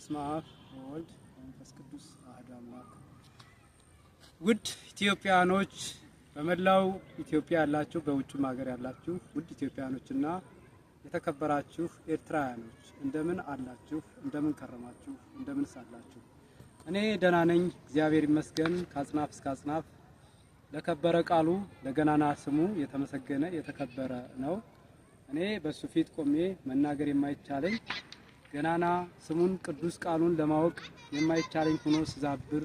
በስመ አብ ወወልድ ወመንፈስ ቅዱስ አሐዱ አምላክ። ውድ ኢትዮጵያኖች በመላው ኢትዮጵያ ያላችሁ፣ በውጭም ሀገር ያላችሁ ውድ ኢትዮጵያኖችና የተከበራችሁ ኤርትራውያኖች እንደምን አላችሁ? እንደምን ከረማችሁ? እንደምን ሳላችሁ? እኔ ደህና ነኝ፣ እግዚአብሔር ይመስገን። ከአጽናፍ እስከ አጽናፍ ለከበረ ቃሉ ለገናና ስሙ የተመሰገነ የተከበረ ነው። እኔ በሱ ፊት ቆሜ መናገር የማይቻለኝ ገናና ስሙን ቅዱስ ቃሉን ለማወቅ የማይቻለኝ ሆኖ ስዛብር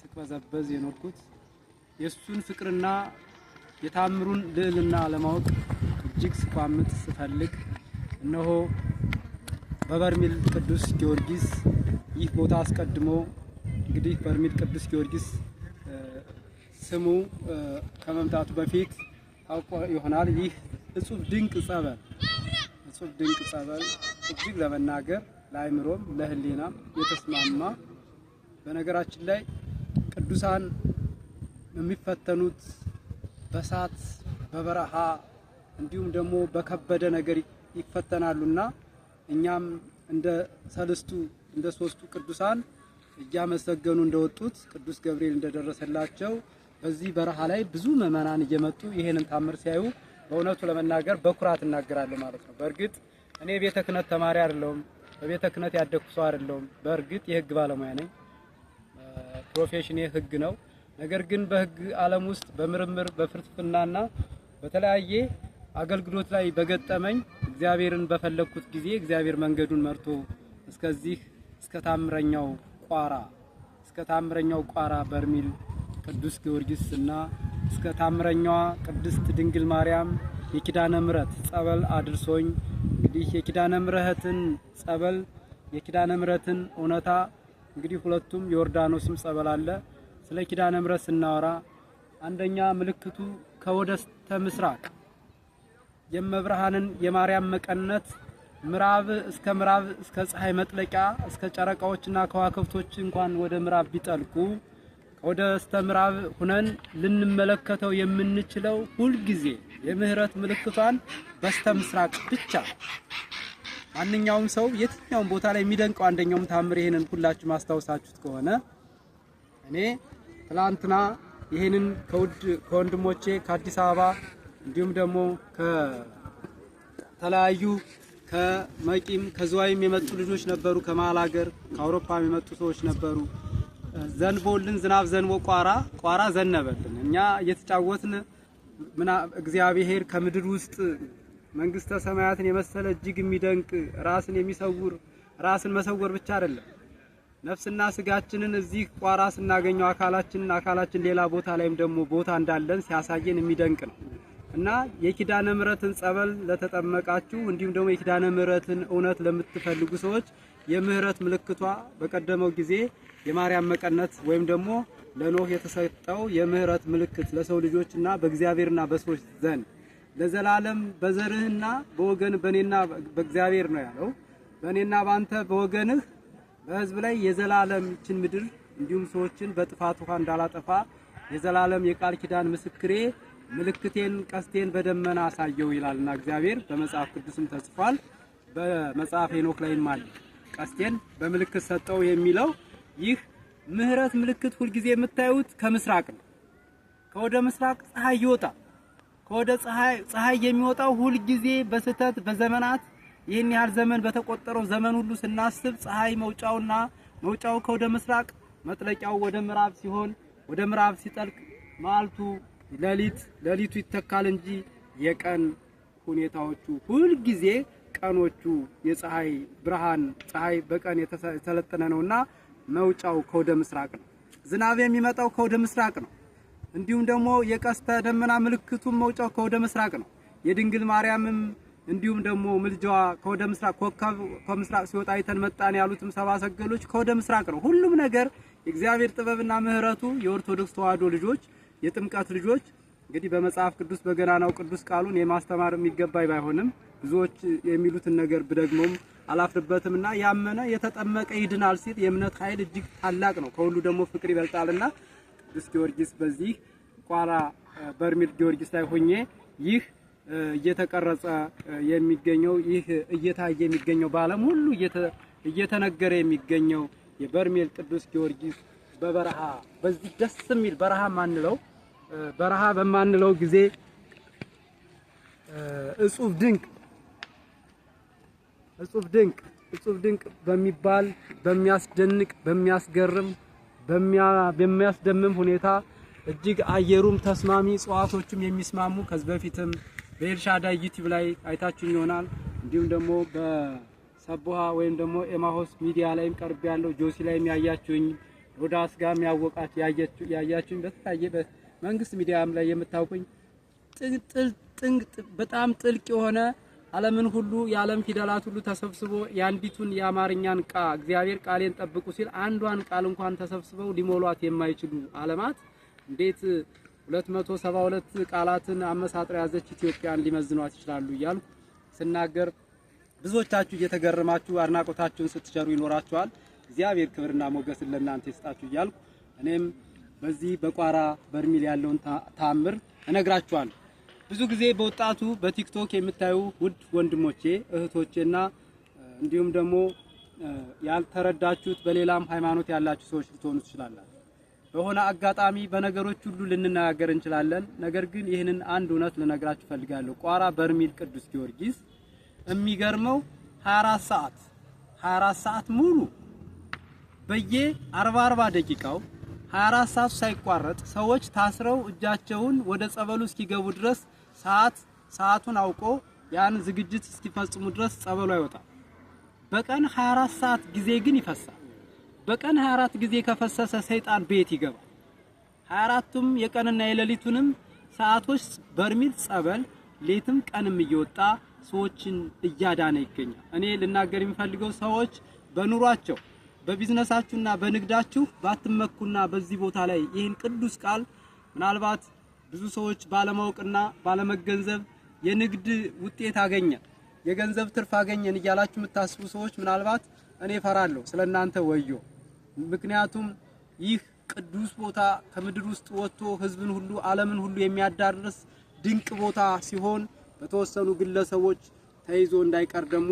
ስቅበዘበዝ የኖርኩት የእሱን ፍቅርና የታምሩን ልዕልና ለማወቅ እጅግ ስቋምት ስፈልግ እነሆ በበርሜል ቅዱስ ጊዮርጊስ ይህ ቦታ አስቀድሞ እንግዲህ በርሜል ቅዱስ ጊዮርጊስ ስሙ ከመምጣቱ በፊት ታውቆ ይሆናል። ይህ እጹብ ድንቅ ጸበል እጹብ ድንቅ ጸበል እጅግ ለመናገር ለአይምሮም ለህሊናም የተስማማ በነገራችን ላይ ቅዱሳን የሚፈተኑት በሳት በበረሃ እንዲሁም ደግሞ በከበደ ነገር ይፈተናሉና እኛም እንደ ሰልስቱ እንደ ሶስቱ ቅዱሳን እያመሰገኑ እንደወጡት ቅዱስ ገብርኤል እንደደረሰላቸው በዚህ በረሃ ላይ ብዙ ምእመናን እየመጡ ይሄንን ታምር ሲያዩ በእውነቱ ለመናገር በኩራት እናገራለሁ ማለት ነው። በእርግጥ እኔ ቤተ ክህነት ተማሪ አይደለሁም፣ በቤተ ክህነት ያደግኩ ሰው አይደለሁም። በእርግጥ የህግ ባለሙያ ነኝ። ፕሮፌሽኔ ህግ ነው። ነገር ግን በህግ ዓለም ውስጥ በምርምር በፍልስፍናና በተለያየ አገልግሎት ላይ በገጠመኝ እግዚአብሔርን በፈለግኩት ጊዜ እግዚአብሔር መንገዱን መርቶ እስከዚህ እስከ ታምረኛው ቋራ እስከ ታምረኛው ቋራ በርሚል ቅዱስ ጊዮርጊስ እና እስከ ታምረኛዋ ቅድስት ድንግል ማርያም የኪዳነ ምረት ጸበል አድርሶኝ እንግዲህ የኪዳነ ምረትን ጸበል የኪዳነ ምረትን እውነታ እንግዲህ ሁለቱም ዮርዳኖስም ጸበል አለ። ስለ ኪዳነ ምረት ስናወራ አንደኛ ምልክቱ ከወደስተ ምስራቅ የመብርሃንን የማርያም መቀነት ምዕራብ እስከ ምራብ እስከ ፀሐይ መጥለቂያ እስከ ጨረቃዎችና ከዋክብቶች እንኳን ወደ ምዕራብ ቢጠልቁ ወደ በስተ ሁነን ልንመለከተው የምንችለው ሁልጊዜ የምህረት ምልክቷን በስተ ምስራቅ ብቻ ማንኛውም ሰው የትኛውም ቦታ ላይ የሚደንቀው አንደኛውም ታምር ይሄንን ሁላችሁ ማስታወሳችሁት ከሆነ እኔ ትላንትና ይሄንን ከውድ ከወንድሞቼ ከአዲስ አበባ እንዲሁም ደግሞ ከተለያዩ ከመቂም ከዝዋይም የመጡ ልጆች ነበሩ። ከመሀል ሀገር ከአውሮፓም የመጡ ሰዎች ነበሩ። ዘንቦልን ዝናብ ዘንቦ ቋራ ቋራ ዘነበልን። እኛ እየተጫወትን እግዚአብሔር ከምድር ውስጥ መንግስተ ሰማያትን የመሰለ እጅግ የሚደንቅ ራስን የሚሰውር ራስን መሰወር ብቻ አይደለም። ነፍስና ስጋችንን እዚህ ቋራ ስናገኘው አካላችንን አካላችን ሌላ ቦታ ላይም ደግሞ ቦታ እንዳለን ሲያሳየን የሚደንቅ ነው እና የኪዳነ ምሕረትን ጸበል ለተጠመቃችሁ እንዲሁም ደግሞ የኪዳነ ምሕረትን እውነት ለምትፈልጉ ሰዎች የምህረት ምልክቷ በቀደመው ጊዜ የማርያም መቀነት ወይም ደግሞ ለኖህ የተሰጠው የምህረት ምልክት ለሰው ልጆችና በእግዚአብሔርና በሰዎች ዘንድ ለዘላለም በዘርህና በወገን በኔና በእግዚአብሔር ነው ያለው። በኔና ባንተ በወገንህ በህዝብ ላይ የዘላለም ይችን ምድር እንዲሁም ሰዎችን በጥፋት ውሃ እንዳላጠፋ የዘላለም የቃል ኪዳን ምስክሬ ምልክቴን ቀስቴን በደመና አሳየው ይላልና እግዚአብሔር በመጽሐፍ ቅዱስም ተጽፏል። በመጽሐፍ ሄኖክ ላይም አለ ቀስቴን በምልክት ሰጠው የሚለው ይህ ምህረት ምልክት ሁልጊዜ የምታዩት ከምስራቅ ነው። ከወደ ምስራቅ ፀሐይ ይወጣ ከወደ ፀሐይ ፀሐይ የሚወጣው ሁልጊዜ በስህተት በዘመናት ይህን ያህል ዘመን በተቆጠረው ዘመን ሁሉ ስናስብ ፀሐይ መውጫውና መውጫው ከወደ ምስራቅ መጥለቂያው ወደ ምዕራብ ሲሆን ወደ ምዕራብ ሲጠልቅ ማልቱ ሌሊት ሌሊቱ ይተካል እንጂ የቀን ሁኔታዎቹ ሁልጊዜ ቀኖቹ የፀሐይ ብርሃን ፀሐይ በቀን የተሰለጠነ ነውና መውጫው ከወደ ምስራቅ ነው። ዝናብ የሚመጣው ከወደ ምስራቅ ነው። እንዲሁም ደግሞ የቀስተ ደመና ምልክቱም መውጫው ከወደ ምስራቅ ነው። የድንግል ማርያምም እንዲሁም ደግሞ ምልጃዋ ከወደ ምስራቅ ኮከብ ከምስራቅ ሲወጣ አይተን መጣን ያሉትም ሰባ ሰገሎች ከወደ ምስራቅ ነው። ሁሉም ነገር የእግዚአብሔር ጥበብና ምሕረቱ የኦርቶዶክስ ተዋህዶ ልጆች የጥምቀት ልጆች እንግዲህ በመጽሐፍ ቅዱስ በገናናው ቅዱስ ቃሉን የማስተማር የሚገባኝ ባይሆንም ብዙዎች የሚሉትን ነገር ብደግሞም አላፍርበትም እና ያመነ የተጠመቀ ይድናል ሲል የእምነት ኃይል እጅግ ታላቅ ነው። ከሁሉ ደግሞ ፍቅር ይበልጣልና ቅዱስ ጊዮርጊስ በዚህ ቋራ በርሜል ጊዮርጊስ ላይ ሆኜ ይህ እየተቀረጸ የሚገኘው ይህ እየታየ የሚገኘው በዓለም ሁሉ እየተነገረ የሚገኘው የበርሜል ቅዱስ ጊዮርጊስ በበረሃ በዚህ ደስ የሚል በረሃ ማንለው በረሃ በማንለው ጊዜ እጹብ ድንቅ እጹብ ድንቅ እጹብ ድንቅ በሚባል በሚያስደንቅ በሚያስገርም በሚያስደምም ሁኔታ እጅግ አየሩም ተስማሚ እጽዋቶቹም የሚስማሙ ከዚህ በፊትም በኤልሻዳ ዩቲዩብ ላይ አይታችሁኝ ይሆናል። እንዲሁም ደግሞ በሰቦሃ ወይም ደግሞ ኤማሆስ ሚዲያ ላይም ቀርብ ያለው ጆሲ ላይም ያያችሁኝ ሮዳስ ጋም ያወቃት ያያችሁኝ በተለያየ መንግስት ሚዲያም ላይ የምታውቁኝ በጣም ጥልቅ የሆነ ዓለምን ሁሉ የዓለም ፊደላት ሁሉ ተሰብስቦ የአንዲቱን የአማርኛን ቃ እግዚአብሔር ቃሌን ጠብቁ ሲል አንዷን ቃል እንኳን ተሰብስበው ሊሞሏት የማይችሉ ዓለማት እንዴት 272 ቃላትን አመሳጥሮ ያዘች ኢትዮጵያን ሊመዝኗት ይችላሉ እያልኩ ስናገር ብዙዎቻችሁ እየተገረማችሁ አድናቆታችሁን ስትቸሩ ይኖራችኋል። እግዚአብሔር ክብርና ሞገስን ለእናንተ ይስጣችሁ እያልኩ እኔም በዚህ በቋራ በርሚል ያለውን ታምር እነግራችኋለሁ። ብዙ ጊዜ በወጣቱ በቲክቶክ የምታዩ ውድ ወንድሞቼ እህቶቼና እንዲሁም ደግሞ ያልተረዳችሁት በሌላም ሃይማኖት ያላችሁ ሰዎች ልትሆኑ ትችላላችሁ። በሆነ አጋጣሚ በነገሮች ሁሉ ልንነጋገር እንችላለን። ነገር ግን ይህንን አንድ እውነት ልነግራችሁ ፈልጋለሁ። ቋራ በርሜል ቅዱስ ጊዮርጊስ የሚገርመው 24 ሰዓት 24 ሰዓት ሙሉ በየ 40 40 ደቂቃው 24 ሰዓት ሳይቋረጥ ሰዎች ታስረው እጃቸውን ወደ ጸበሉ እስኪገቡ ድረስ ሰዓት ሰዓቱን አውቆ ያን ዝግጅት እስኪፈጽሙ ድረስ ጸበሉ አይወጣም። በቀን 24 ሰዓት ጊዜ ግን ይፈሳል። በቀን 24 ጊዜ ከፈሰሰ ሰይጣን ቤት ይገባል። 24ቱም የቀንና የሌሊቱንም ሰዓቶች በርሚል ጸበል ሌትም ቀንም እየወጣ ሰዎችን እያዳነ ይገኛል። እኔ ልናገር የሚፈልገው ሰዎች በኑሯቸው በቢዝነሳችሁና በንግዳችሁ ባትመኩና በዚህ ቦታ ላይ ይህን ቅዱስ ቃል ምናልባት ብዙ ሰዎች ባለማወቅና ባለመገንዘብ የንግድ ውጤት አገኘ፣ የገንዘብ ትርፍ አገኘን እያላችሁ የምታስቡ ሰዎች ምናልባት እኔ ፈራለሁ፣ ስለ እናንተ ወዮ። ምክንያቱም ይህ ቅዱስ ቦታ ከምድር ውስጥ ወጥቶ ሕዝብን ሁሉ ዓለምን ሁሉ የሚያዳርስ ድንቅ ቦታ ሲሆን በተወሰኑ ግለሰቦች ተይዞ እንዳይቀር ደግሞ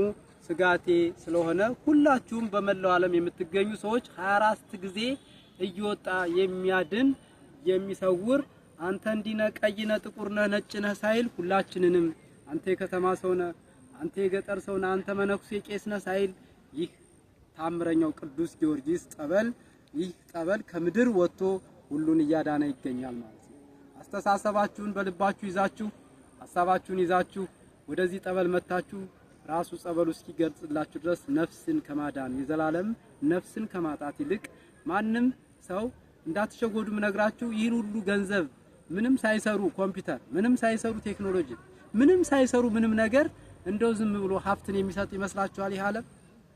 ስጋቴ ስለሆነ ሁላችሁም በመላው ዓለም የምትገኙ ሰዎች 24 ጊዜ እየወጣ የሚያድን የሚሰውር አንተ እንዲነ ቀይነ፣ ቀይ ጥቁር ነ ነጭ ነ ሳይል ሁላችንንም አንተ የከተማ ሰው ነ አንተ የገጠር ሰው ነ አንተ መነኩሴ ቄስ ነ ሳይል ይህ ታምረኛው ቅዱስ ጊዮርጊስ ጠበል ይህ ጠበል ከምድር ወጥቶ ሁሉን እያዳነ ይገኛል ማለት ነው። አስተሳሰባችሁን በልባችሁ ይዛችሁ ሀሳባችሁን ይዛችሁ ወደዚህ ጠበል መታችሁ ራሱ ጸበሉ እስኪገልጽላችሁ ድረስ ነፍስን ከማዳን የዘላለም ነፍስን ከማጣት ይልቅ ማንም ሰው እንዳትሸጎዱ ምነግራችሁ ይህን ሁሉ ገንዘብ ምንም ሳይሰሩ ኮምፒውተር፣ ምንም ሳይሰሩ ቴክኖሎጂ፣ ምንም ሳይሰሩ ምንም ነገር እንደው ዝም ብሎ ሀብትን የሚሰጥ ይመስላችኋል ይህ ዓለም?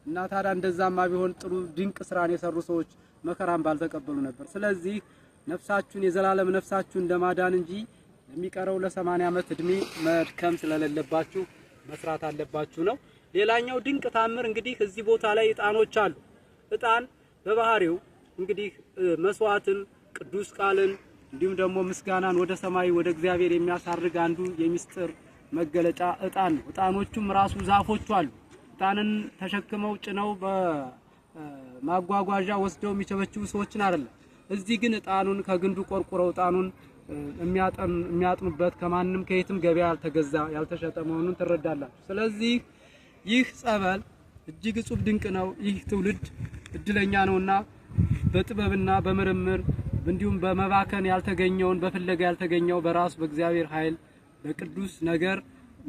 እና ታዲያ እንደዛማ ቢሆን ጥሩ ድንቅ ስራን የሰሩ ሰዎች መከራን ባልተቀበሉ ነበር። ስለዚህ ነፍሳችሁን የዘላለም ነፍሳችሁን ለማዳን እንጂ የሚቀረው ለ80 ዓመት እድሜ መድከም ስለሌለባችሁ መስራት አለባችሁ ነው። ሌላኛው ድንቅ ታምር እንግዲህ እዚህ ቦታ ላይ እጣኖች አሉ። እጣን በባህሪው እንግዲህ መስዋዕትን፣ ቅዱስ ቃልን እንዲሁም ደግሞ ምስጋናን ወደ ሰማይ ወደ እግዚአብሔር የሚያሳርግ አንዱ የሚስጥር መገለጫ እጣን ነው። እጣኖቹም ራሱ ዛፎቹ አሉ። እጣንን ተሸክመው ጭነው በማጓጓዣ ወስደው የሚቸበችቡ ሰዎችን አይደለም። እዚህ ግን እጣኑን ከግንዱ ቆርቁረው እጣኑን የሚያጥኑበት ከማንም ከየትም ገበያ ያልተገዛ ያልተሸጠ መሆኑን ትረዳላችሁ። ስለዚህ ይህ ጸበል እጅግ እጹብ ድንቅ ነው። ይህ ትውልድ እድለኛ ነውና በጥበብና በምርምር እንዲሁም በመባከን ያልተገኘውን በፍለጋ ያልተገኘው በራሱ በእግዚአብሔር ኃይል በቅዱስ ነገር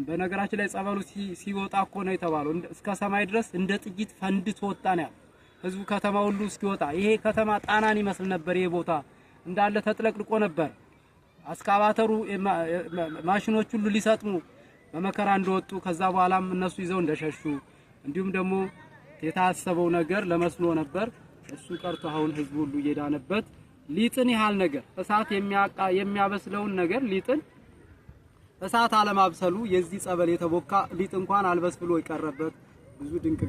በነገራችን ላይ ጸበሉ ሲወጣ እኮ ነው የተባለው። እስከ ሰማይ ድረስ እንደ ጥይት ፈንድቶ ወጣ ነው ያለው ህዝቡ ከተማ ሁሉ እስኪወጣ። ይሄ ከተማ ጣናን ይመስል ነበር። ይሄ ቦታ እንዳለ ተጥለቅልቆ ነበር። አስካባተሩ ማሽኖች ሁሉ ሊሰጥሙ በመከራ እንደወጡ ከዛ በኋላም እነሱ ይዘው እንደሸሹ እንዲሁም ደግሞ የታሰበው ነገር ለመስኖ ነበር። እሱ ቀርቶ አሁን ህዝቡ ሁሉ እየዳነበት ሊጥን ያህል ነገር እሳት የሚያበስለውን ነገር ሊጥን እሳት አለማብሰሉ የዚህ ጸበል የተቦካ ሊጥ እንኳን አልበስ ብሎ የቀረበት ብዙ ድንቅ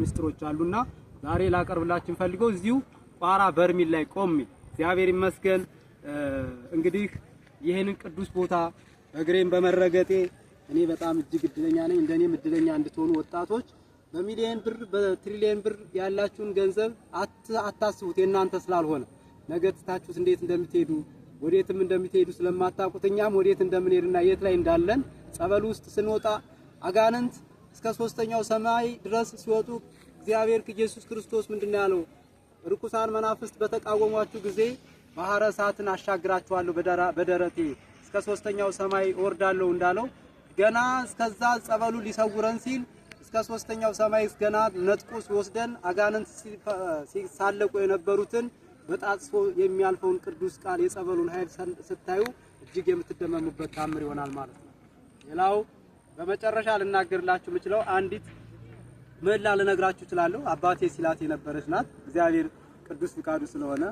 ምስጢሮች አሉና ዛሬ ላቀርብላችሁ ፈልገው እዚሁ ቋራ በርሚል ላይ ቆሜ እግዚአብሔር ይመስገን እንግዲህ ይህንን ቅዱስ ቦታ እግሬን በመረገጤ እኔ በጣም እጅግ እድለኛ ነኝ። እንደኔም እድለኛ እንድትሆኑ ወጣቶች በሚሊየን ብር በትሪሊየን ብር ያላችሁን ገንዘብ አታስቡት የእናንተ ስላልሆነ ነገ ትታችሁት እንዴት እንደምትሄዱ ወዴትም እንደምትሄዱ ስለማታውቁት እኛም ወዴት እንደምንሄድና የት ላይ እንዳለን ጸበል ውስጥ ስንወጣ አጋንንት እስከ ሶስተኛው ሰማይ ድረስ ሲወጡ እግዚአብሔር ኢየሱስ ክርስቶስ ምንድን ነው ያለው? ርኩሳን መናፍስት በተቃወሟችሁ ጊዜ ባህረ እሳትን አሻግራችኋለሁ በደረቴ እስከ ሶስተኛው ሰማይ እወርዳለሁ እንዳለው ገና እስከዛ ጸበሉ ሊሰውረን ሲል እስከ ሶስተኛው ሰማይ ገና ነጥቁ ሲወስደን አጋንንት ሲሳለቁ የነበሩትን በጣጽፎ የሚያልፈውን ቅዱስ ቃል የጸበሉን ኃይል ስታዩ እጅግ የምትደመሙበት ታምር ይሆናል ማለት ነው። ሌላው በመጨረሻ ልናገርላችሁ የምችለው አንዲት ምህላ ልነግራችሁ እችላለሁ። አባቴ ሲላት የነበረች ናት። እግዚአብሔር ቅዱስ ፍቃዱ ስለሆነ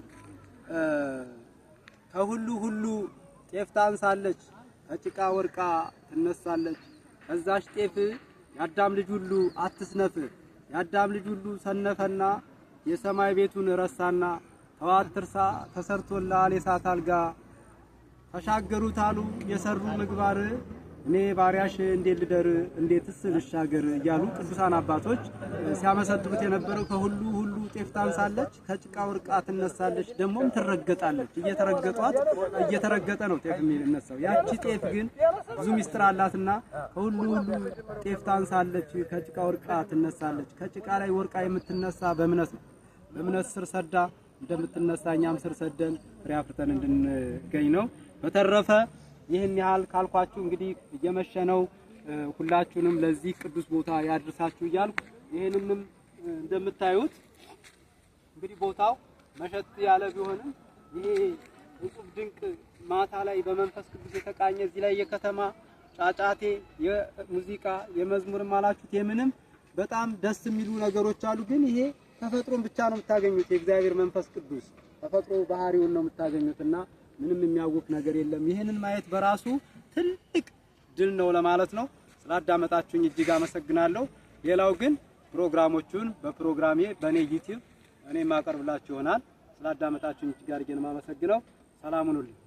ከሁሉ ሁሉ ጤፍ ታንሳለች፣ ከጭቃ ወርቃ ትነሳለች። ከዛች ጤፍ የአዳም ልጅ ሁሉ አትስነፍ። የአዳም ልጅ ሁሉ ሰነፈና የሰማይ ቤቱን ረሳና ጠዋት ትርሳ ተሰርቶላል የሳት አልጋ ተሻገሩት አሉ የሰሩ ምግባር እኔ ባሪያሽ እንዴት ልደር እንዴትስ ልሻገር እያሉ ቅዱሳን አባቶች ሲያመሰጥሩት የነበረው ከሁሉ ሁሉ ጤፍ ታንሳለች፣ ከጭቃ ወርቃ ትነሳለች፣ ደግሞም ትረገጣለች። እየተረገጧት እየተረገጠ ነው ጤፍ የሚነሳው። ያቺ ጤፍ ግን ብዙ ሚስጥር አላትና ከሁሉ ሁሉ ጤፍ ታንሳለች፣ ከጭቃ ወርቃ ትነሳለች። ከጭቃ ላይ ወርቃ የምትነሳ በእምነት ነው። በእምነት ስር ሰዳ እንደምትነሳ እኛም ስር ሰደን ፍሬ አፍርተን እንድንገኝ ነው። በተረፈ ይህን ያህል ካልኳችሁ እንግዲህ እየመሸ ነው። ሁላችሁንም ለዚህ ቅዱስ ቦታ ያድርሳችሁ እያልኩ ይህንንም እንደምታዩት እንግዲህ ቦታው መሸት ያለ ቢሆንም ይሄ እጹብ ድንቅ ማታ ላይ በመንፈስ ቅዱስ የተቃኘ እዚህ ላይ የከተማ ጫጫቴ፣ የሙዚቃ የመዝሙርም አላችሁት የምንም በጣም ደስ የሚሉ ነገሮች አሉ ግን ይሄ ተፈጥሮን ብቻ ነው የምታገኙት። የእግዚአብሔር መንፈስ ቅዱስ ተፈጥሮ ባህሪውን ነው የምታገኙትና ምንም የሚያውቅ ነገር የለም። ይህንን ማየት በራሱ ትልቅ ድል ነው ለማለት ነው። ስላዳመጣችሁኝ እጅግ አመሰግናለሁ። ሌላው ግን ፕሮግራሞቹን በፕሮግራሜ በኔ ዩቲዩብ እኔ ማቀርብላችሁ ይሆናል። ስላዳመጣችሁኝ እጅግ አድርጌ ነው የማመሰግነው። ሰላም ሁኑልኝ።